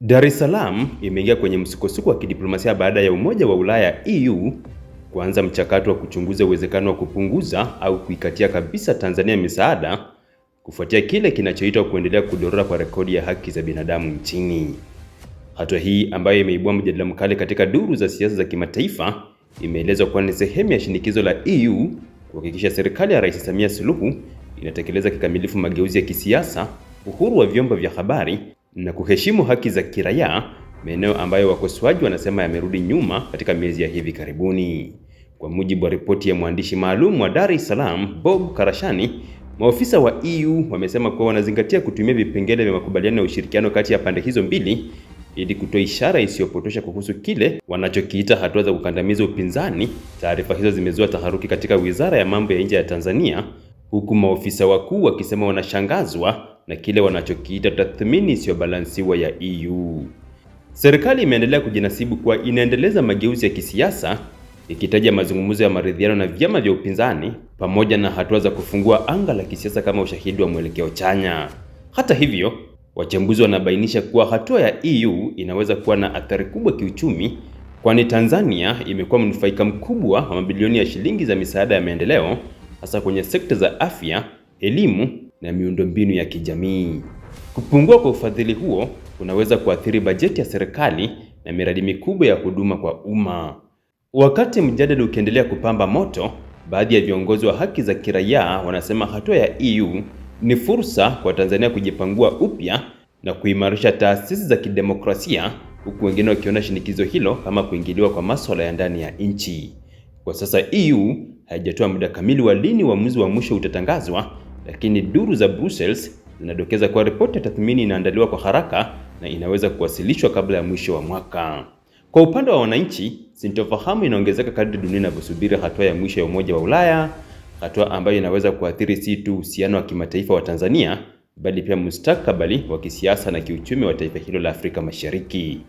Dar es Salaam imeingia kwenye msukosuko wa kidiplomasia baada ya Umoja wa Ulaya EU kuanza mchakato wa kuchunguza uwezekano wa kupunguza au kuikatia kabisa Tanzania misaada kufuatia kile kinachoitwa kuendelea kudorora kwa rekodi ya haki za binadamu nchini. Hatua hii ambayo imeibua mjadala mkali katika duru za siasa za kimataifa imeelezwa kuwa ni sehemu ya shinikizo la EU kuhakikisha serikali ya Rais Samia Suluhu inatekeleza kikamilifu mageuzi ya kisiasa, uhuru wa vyombo vya habari na kuheshimu haki za kiraia, maeneo ambayo wakosoaji wanasema yamerudi nyuma katika miezi ya hivi karibuni. Kwa mujibu wa ripoti ya mwandishi maalum wa Dar es Salaam, Bob Karashani, maofisa wa EU wamesema kuwa wanazingatia kutumia vipengele vya makubaliano ya ushirikiano kati ya pande hizo mbili ili kutoa ishara isiyopotosha kuhusu kile wanachokiita hatua za kukandamiza upinzani. Taarifa hizo zimezua taharuki katika Wizara ya Mambo ya Nje ya Tanzania, huku maofisa wakuu wakisema wanashangazwa na kile wanachokiita tathmini isiyobalansiwa ya EU. Serikali imeendelea kujinasibu kuwa inaendeleza mageuzi ya kisiasa ikitaja mazungumzo ya maridhiano na vyama vya upinzani pamoja na hatua za kufungua anga la kisiasa kama ushahidi wa mwelekeo chanya. Hata hivyo, wachambuzi wanabainisha kuwa hatua ya EU inaweza kuwa na athari kubwa kiuchumi, kwani Tanzania imekuwa mnufaika mkubwa wa mabilioni ya shilingi za misaada ya maendeleo, hasa kwenye sekta za afya, elimu na miundombinu ya kijamii. Kupungua kwa ufadhili huo kunaweza kuathiri bajeti ya serikali na miradi mikubwa ya huduma kwa umma. Wakati mjadala ukiendelea kupamba moto, baadhi ya viongozi wa haki za kiraia wanasema hatua ya EU ni fursa kwa Tanzania kujipangua upya na kuimarisha taasisi za kidemokrasia, huku wengine wakiona shinikizo hilo kama kuingiliwa kwa masuala ya ndani ya nchi. Kwa sasa EU haijatoa muda kamili wa lini uamuzi wa mwisho utatangazwa, lakini duru za Brussels zinadokeza kuwa ripoti ya tathmini inaandaliwa kwa haraka na inaweza kuwasilishwa kabla ya mwisho wa mwaka. Kwa upande wa wananchi, sintofahamu inaongezeka kadri dunia inavyosubiri hatua ya mwisho ya Umoja wa Ulaya, hatua ambayo inaweza kuathiri si tu uhusiano wa kimataifa wa Tanzania bali pia mustakabali wa kisiasa na kiuchumi wa taifa hilo la Afrika Mashariki.